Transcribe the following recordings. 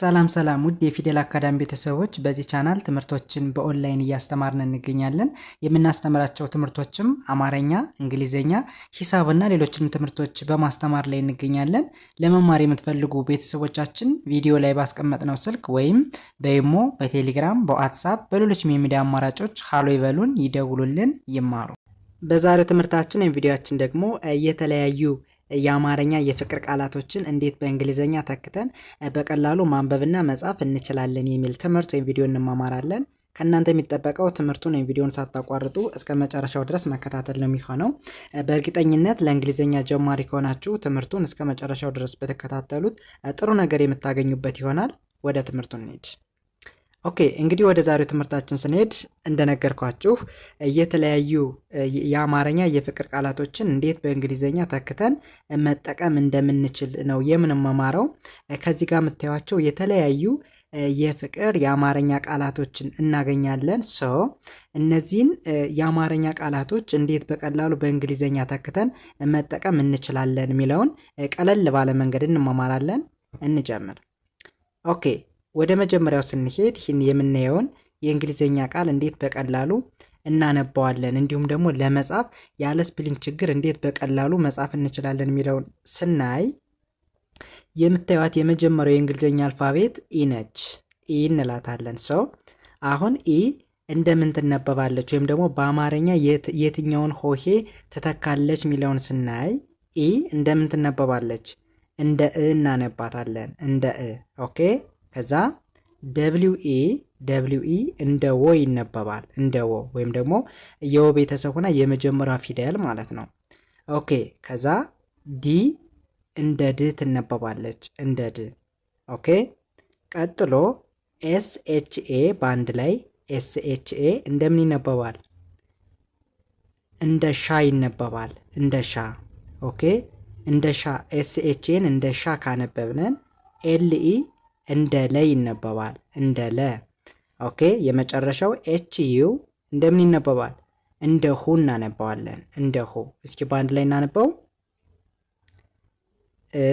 ሰላም ሰላም ውድ የፊደል አካዳሚ ቤተሰቦች፣ በዚህ ቻናል ትምህርቶችን በኦንላይን እያስተማርን እንገኛለን። የምናስተምራቸው ትምህርቶችም አማርኛ፣ እንግሊዝኛ፣ ሂሳብና ሌሎችንም ትምህርቶች በማስተማር ላይ እንገኛለን። ለመማር የምትፈልጉ ቤተሰቦቻችን ቪዲዮ ላይ ባስቀመጥነው ስልክ ወይም በይሞ በቴሌግራም በዋትሳፕ በሌሎችም የሚዲያ አማራጮች ሀሎ ይበሉን፣ ይደውሉልን፣ ይማሩ። በዛሬው ትምህርታችን ወይም ቪዲዮችን ደግሞ የተለያዩ የአማርኛ የፍቅር ቃላቶችን እንዴት በእንግሊዝኛ ተክተን በቀላሉ ማንበብና መጻፍ እንችላለን የሚል ትምህርት ወይም ቪዲዮ እንማማራለን። ከእናንተ የሚጠበቀው ትምህርቱን ወይም ቪዲዮን ሳታቋርጡ እስከ መጨረሻው ድረስ መከታተል ነው የሚሆነው። በእርግጠኝነት ለእንግሊዝኛ ጀማሪ ከሆናችሁ ትምህርቱን እስከ መጨረሻው ድረስ በተከታተሉት ጥሩ ነገር የምታገኙበት ይሆናል። ወደ ትምህርቱ እንሂድ። ኦኬ እንግዲህ ወደ ዛሬው ትምህርታችን ስንሄድ እንደነገርኳችሁ የተለያዩ የአማርኛ የፍቅር ቃላቶችን እንዴት በእንግሊዝኛ ተክተን መጠቀም እንደምንችል ነው የምንመማረው። ከዚህ ጋር የምታዩቸው የተለያዩ የፍቅር የአማርኛ ቃላቶችን እናገኛለን። ሶ እነዚህን የአማርኛ ቃላቶች እንዴት በቀላሉ በእንግሊዝኛ ተክተን መጠቀም እንችላለን የሚለውን ቀለል ባለ መንገድ እንመማራለን። እንጀምር። ኦኬ ወደ መጀመሪያው ስንሄድ ይህን የምናየውን የእንግሊዝኛ ቃል እንዴት በቀላሉ እናነባዋለን እንዲሁም ደግሞ ለመጻፍ ያለ ስፕሊንግ ችግር እንዴት በቀላሉ መጻፍ እንችላለን የሚለውን ስናይ የምታዩት የመጀመሪያው የእንግሊዝኛ አልፋቤት ኢ ነች። ኢ እንላታለን። ሰው አሁን ኢ እንደምን ትነበባለች ወይም ደግሞ በአማርኛ የትኛውን ሆሄ ትተካለች የሚለውን ስናይ ኢ እንደምን ትነበባለች? እንደ እ እናነባታለን። እንደ እ ኦኬ ከዛ ደብሊው ኤ ደብሊው ኢ እንደ ወ ይነበባል። እንደ ወ ወይም ደግሞ የወ ቤተሰብ ሆና የመጀመሪያ ፊደል ማለት ነው። ኦኬ ከዛ ዲ እንደ ድ ትነበባለች። እንደ ድ ኦኬ። ቀጥሎ ኤስ ኤች ኤ በአንድ ላይ ኤስ ኤች ኤ እንደምን ይነበባል? እንደ ሻ ይነበባል። እንደ ሻ ኦኬ። እንደ ሻ ኤስ ኤች ኤን እንደ ሻ ካነበብነን ኤል ኢ እንደ ለ ይነበባል። እንደ ለ። ኦኬ የመጨረሻው ኤች ዩ እንደምን ይነበባል? እንደ ሁ እናነባዋለን። እንደ ሁ። እስኪ በአንድ ላይ እናነበው። እ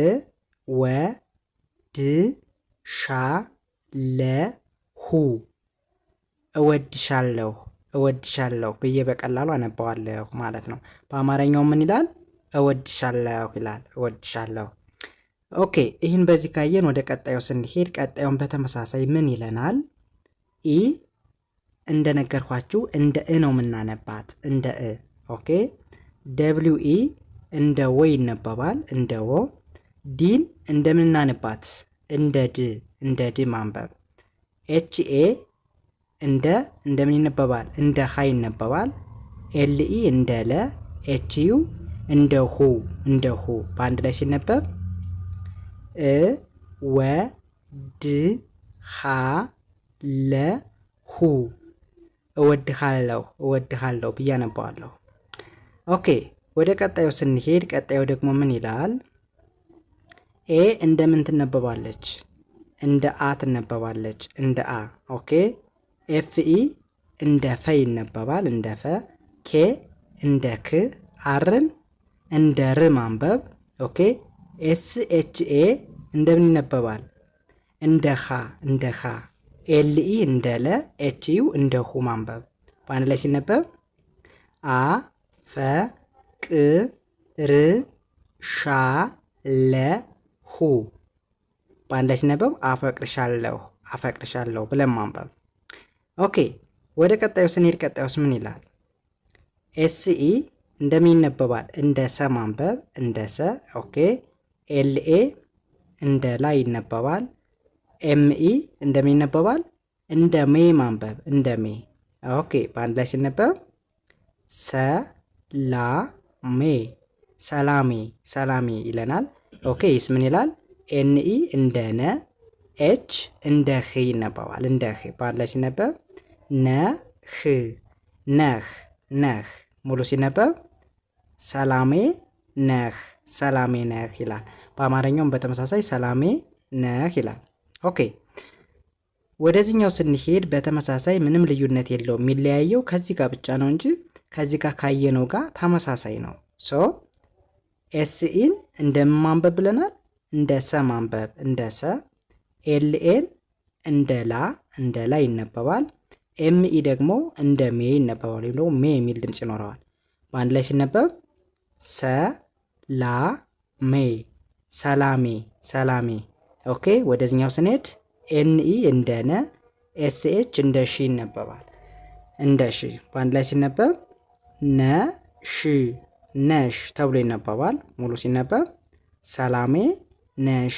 ወ ድ ሻ ለ ሁ እወድሻለሁ እወድሻለሁ ብዬ በቀላሉ አነባዋለሁ ማለት ነው። በአማርኛው ምን ይላል? እወድሻለሁ ይላል። እወድሻለሁ ኦኬ ይህን በዚህ ካየን ወደ ቀጣዩ ስንሄድ ቀጣዩን በተመሳሳይ ምን ይለናል? ኢ እንደነገርኳችሁ እንደ እ ነው የምናነባት እንደ እ። ኦኬ ደብሊው ኢ እንደ ወ ይነበባል እንደ ወ። ዲን እንደምናነባት እንደ ድ እንደ ድ ማንበብ። ኤች ኤ እንደ እንደምን ይነበባል እንደ ሀ ይነበባል። ኤልኢ እንደ ለ ኤች ዩ እንደ ሁ እንደ ሁ በአንድ ላይ ሲነበብ እ ወ ድ ኻ ለ ሁ እወድሃለሁ እወድሃለሁ አነባዋለሁ። ኦኬ ወደ ቀጣዩ ስንሄድ ቀጣዩ ደግሞ ምን ይላል? ኤ እንደምን ትነበባለች? እንደ አ ትነበባለች። እንደ አ ኦኬ። ኤፍ ኢ እንደ ፈ ይነበባል። እንደ ፈ ኬ እንደ ክ አርን እንደ ር ማንበብ ኦኬ ኤስ ኤች ኤ እንደምን ይነበባል? እንደ ኻ እንደ ኤልኢ እንደ ለ ኤች ዩ እንደ ሁ ማንበብ በአንድ ላይ ሲነበብ አ ፈ ቅ ር ሻ ለ ሁ በአንድ ላይ ሲነበብ አፈቅርሻለሁ አፈቅርሻለሁ ብለን ማንበብ። ኦኬ ወደ ቀጣዩ ስንሄድ ቀጣዩስ ምን ይላል? ኤስኢ እንደምን ይነበባል? እንደ ሰ ማንበብ እንደ ሰ ኦኬ ኤልኤ እንደ ላይ ይነበባል። ኤምኢ እንደምን ይነበባል? እንደ ሜ ማንበብ እንደ ሜ። ኦኬ በአንድ ላይ ሲነበብ ሰላሜ ሰላሜ ሰላሜ ይለናል። ኦኬ ይስ ምን ይላል? ኤንኢ እንደ ነ ኤች እንደ ህ ይነበባል። እንደ ህ በአንድ ላይ ሲነበብ ነ ህ ነህ ነህ ሙሉ ሲነበብ ሰላሜ ነህ ሰላሜ ነህ ይላል። በአማርኛውም በተመሳሳይ ሰላሜ ነህ ይላል። ኦኬ ወደዚህኛው ስንሄድ በተመሳሳይ ምንም ልዩነት የለውም። የሚለያየው ከዚህ ጋር ብቻ ነው እንጂ ከዚህ ጋር ካየነው ጋር ተመሳሳይ ነው። ሶ ኤስኢን እንደማንበብ ብለናል፣ እንደ ሰ ማንበብ እንደ ሰ፣ ኤልኤን እንደ ላ እንደ ላ ይነበባል። ኤምኢ ደግሞ እንደ ሜ ይነበባል፣ ወይም ደግሞ ሜ የሚል ድምፅ ይኖረዋል። በአንድ ላይ ሲነበብ ሰ ላሜ ሰላሜ ሰላሜ። ኦኬ ወደዚኛው ስንሄድ ኤንኢ እንደ ነ ኤስኤች እንደ ሺ ይነበባል። እንደ ሺ በአንድ ላይ ሲነበብ ነሺ ነሽ ተብሎ ይነበባል። ሙሉ ሲነበብ ሰላሜ ነሽ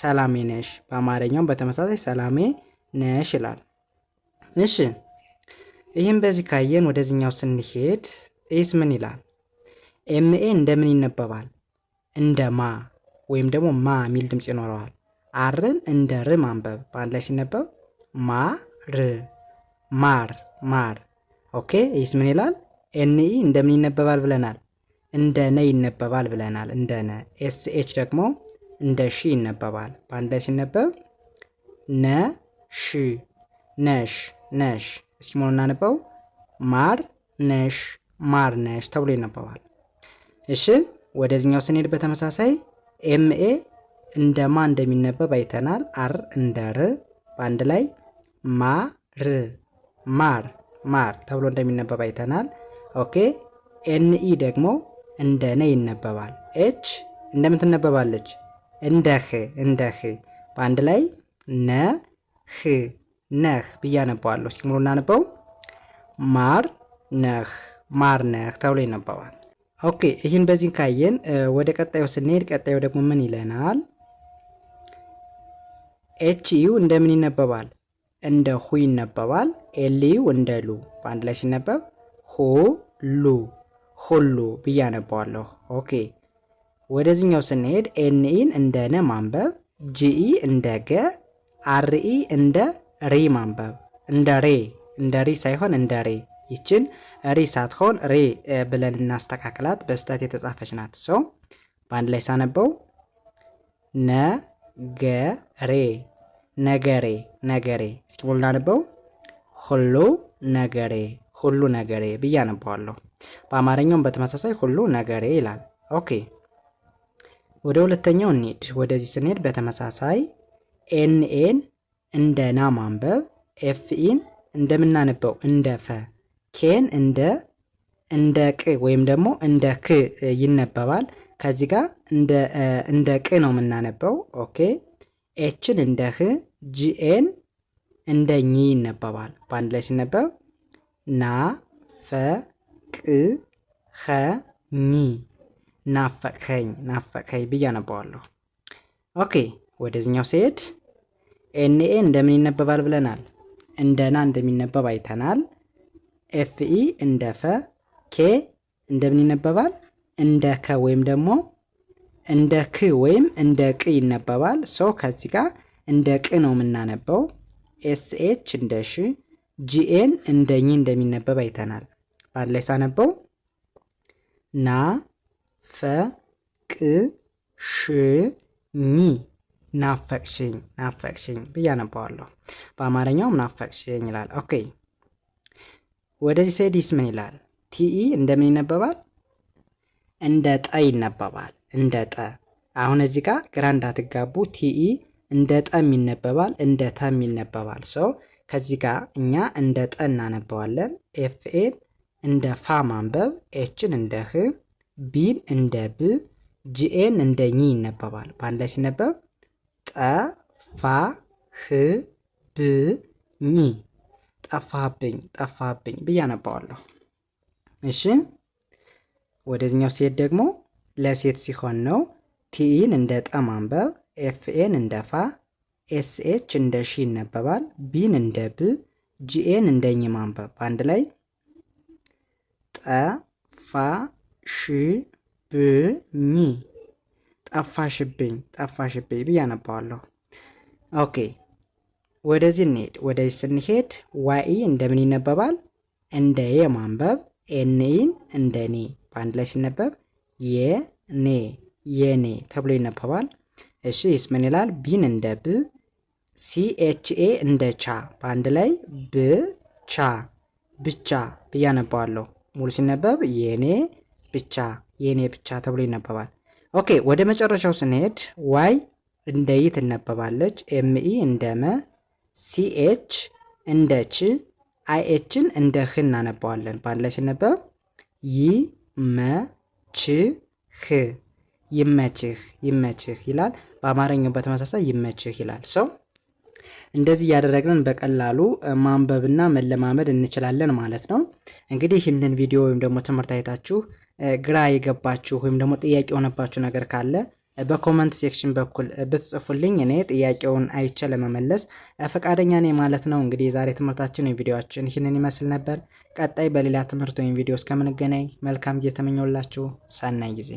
ሰላሜ ነሽ። በአማርኛውም በተመሳሳይ ሰላሜ ነሽ ይላል። እሺ ይህም በዚህ ካየን ወደዚህኛው ስንሄድ ይህስ ምን ይላል? ኤምኤ እንደምን ይነበባል? እንደ ማ ወይም ደግሞ ማ የሚል ድምፅ ይኖረዋል። አርን እንደ ር ማንበብ በአንድ ላይ ሲነበብ ማ ር ማር ማር። ኦኬ ይስ ምን ይላል? ኤንኢ እንደምን ይነበባል ብለናል። እንደ ነ ይነበባል ብለናል። እንደ ነ። ኤስኤች ደግሞ እንደ ሺ ይነበባል። በአንድ ላይ ሲነበብ ነ ሺ ነሽ ነሽ። እስኪ ሞኑ እናነበው። ማር ነሽ ማር ነሽ ተብሎ ይነበባል። እሺ ወደዚኛው ስንሄድ በተመሳሳይ ኤምኤ እንደ ማ እንደሚነበብ አይተናል። አር እንደ ር በአንድ ላይ ማ ር ማር ማር ተብሎ እንደሚነበብ አይተናል። ኦኬ ኤንኢ ደግሞ እንደ ነ ይነበባል። ኤች እንደምን ትነበባለች? እንደ ህ እንደ ህ በአንድ ላይ ነ ህ ነህ ብዬ አነባዋለሁ። እስኪ ሙሉ እናነበው። ማር ነህ ማር ነህ ተብሎ ይነበባል። ኦኬ ይህን በዚህን ካየን ወደ ቀጣዩ ስንሄድ ቀጣዩ ደግሞ ምን ይለናል? ኤች ዩ እንደምን ይነበባል? እንደ ሁ ይነበባል። ኤል ዩ እንደ ሉ በአንድ ላይ ሲነበብ ሁ ሉ ሁሉ ብዬ አነባዋለሁ። ኦኬ ወደዚህኛው ስንሄድ ኤንኢን እንደ ነ ማንበብ፣ ጂኢ እንደ ገ፣ አርኢ እንደ ሪ ማንበብ፣ እንደ ሬ እንደ ሪ ሳይሆን እንደ ሬ ይችን ሪ ሳትሆን ሬ ብለን እናስተካክላት። በስተት የተጻፈች ናት። ሰው በአንድ ላይ ሳነበው ነገሬ ነገሬ ነገሬ። እስኪ ሁሉ እናነበው ሁሉ ነገሬ ሁሉ ነገሬ ብዬ አነበዋለሁ። በአማርኛውም በተመሳሳይ ሁሉ ነገሬ ይላል። ኦኬ ወደ ሁለተኛው እንሂድ። ወደዚህ ስንሄድ በተመሳሳይ ኤንኤን እንደ ና ማንበብ ኤፍኢን እንደምናነበው እንደ ፈ ኬን እንደ እንደ ቅ ወይም ደግሞ እንደ ክ ይነበባል። ከዚህ ጋር እንደ ቅ ነው የምናነበው። ኦኬ ኤችን እንደ ህ፣ ጂኤን እንደ ኝ ይነበባል። በአንድ ላይ ሲነበብ ና ፈ ቅ ኸ ኝ ናፈቅኸኝ ናፈቅኸኝ ብዬ አነበዋለሁ። ኦኬ ወደዚኛው ሲሄድ ኤንኤ እንደምን ይነበባል ብለናል። እንደ ና እንደሚነበብ አይተናል። ኤፍኢ እንደ ፈ፣ ኬ እንደምን ይነበባል? እንደ ከ ወይም ደግሞ እንደ ክ ወይም እንደ ቅ ይነበባል። ሰው ከዚህ ጋር እንደ ቅ ነው የምናነበው። ኤስኤች እንደ ሽ፣ ጂኤን እንደ ኝ እንደሚነበብ አይተናል። በአንድ ላይ ሳነበው ና ፈ ቅ ሽ ኝ ናፈቅሽኝ ናፈቅሽኝ ብዬ አነባዋለሁ። በአማርኛውም ናፈቅሽኝ ይላል። ኦኬ ወደዚህ ስሄድስ ምን ይላል? ቲኢ እንደምን ይነበባል? እንደ ጠ ይነበባል። እንደ ጠ። አሁን እዚህ ጋር ግራ እንዳትጋቡ፣ ቲኢ እንደ ጠም ይነበባል፣ እንደ ተም ይነበባል። ሰው ከዚህ ጋር እኛ እንደ ጠ እናነበዋለን። ኤፍኤን እንደ ፋ ማንበብ፣ ኤችን እንደ ህ፣ ቢን እንደ ብ፣ ጂኤን እንደ ኝ ይነበባል። በአንድ ላይ ሲነበብ ጠ ፋ ህ ብ ኝ ጠፋብኝ ጠፋብኝ ብዬ አነባዋለሁ። እሺ ወደዚኛው ሴት ደግሞ ለሴት ሲሆን ነው ቲኢን እንደ ጠ ማንበብ፣ ኤፍኤን እንደ ፋ፣ ኤስኤች እንደ ሺ ይነበባል። ቢን እንደ ብ፣ ጂኤን እንደ ኝ ማንበብ አንድ ላይ ጠፋ ጠፋሽብኝ ጠፋሽብኝ ብዬ አነባዋለሁ። ኦኬ ወደዚህ እንሄድ። ወደዚህ ስንሄድ ዋኢ እንደምን ይነበባል? እንደ የ ማንበብ ኤንኢን እንደ ኔ በአንድ ላይ ሲነበብ የኔ የኔ ተብሎ ይነበባል። እሺ ይስ ምን ይላል? ቢን እንደ ብ ሲኤችኤ እንደ ቻ በአንድ ላይ ብቻ ብቻ ብዬ አነባዋለሁ። ሙሉ ሲነበብ የኔ ብቻ የኔ ብቻ ተብሎ ይነበባል። ኦኬ ወደ መጨረሻው ስንሄድ ዋይ እንደ ይ ትነበባለች። ኤምኢ እንደ መ ሲኤች እንደ ች አይኤችን እንደ ህ እናነባዋለን። በአንድ ላይ ሲነበብ ይመችህ ይመችህ ይመችህ ይላል። በአማርኛው በተመሳሳይ ይመችህ ይላል። ሰው እንደዚህ እያደረግን በቀላሉ ማንበብና መለማመድ እንችላለን ማለት ነው። እንግዲህ ይህንን ቪዲዮ ወይም ደግሞ ትምህርት አይታችሁ ግራ የገባችሁ ወይም ደግሞ ጥያቄ የሆነባችሁ ነገር ካለ በኮመንት ሴክሽን በኩል ብትጽፉልኝ እኔ ጥያቄውን አይቼ ለመመለስ ፈቃደኛ ነኝ ማለት ነው። እንግዲህ የዛሬ ትምህርታችን ወይም ቪዲዮችን ይህንን ይመስል ነበር። ቀጣይ በሌላ ትምህርት ወይም ቪዲዮ እስከምንገናኝ መልካም ጊዜ ተመኘውላችሁ። ሰናይ ጊዜ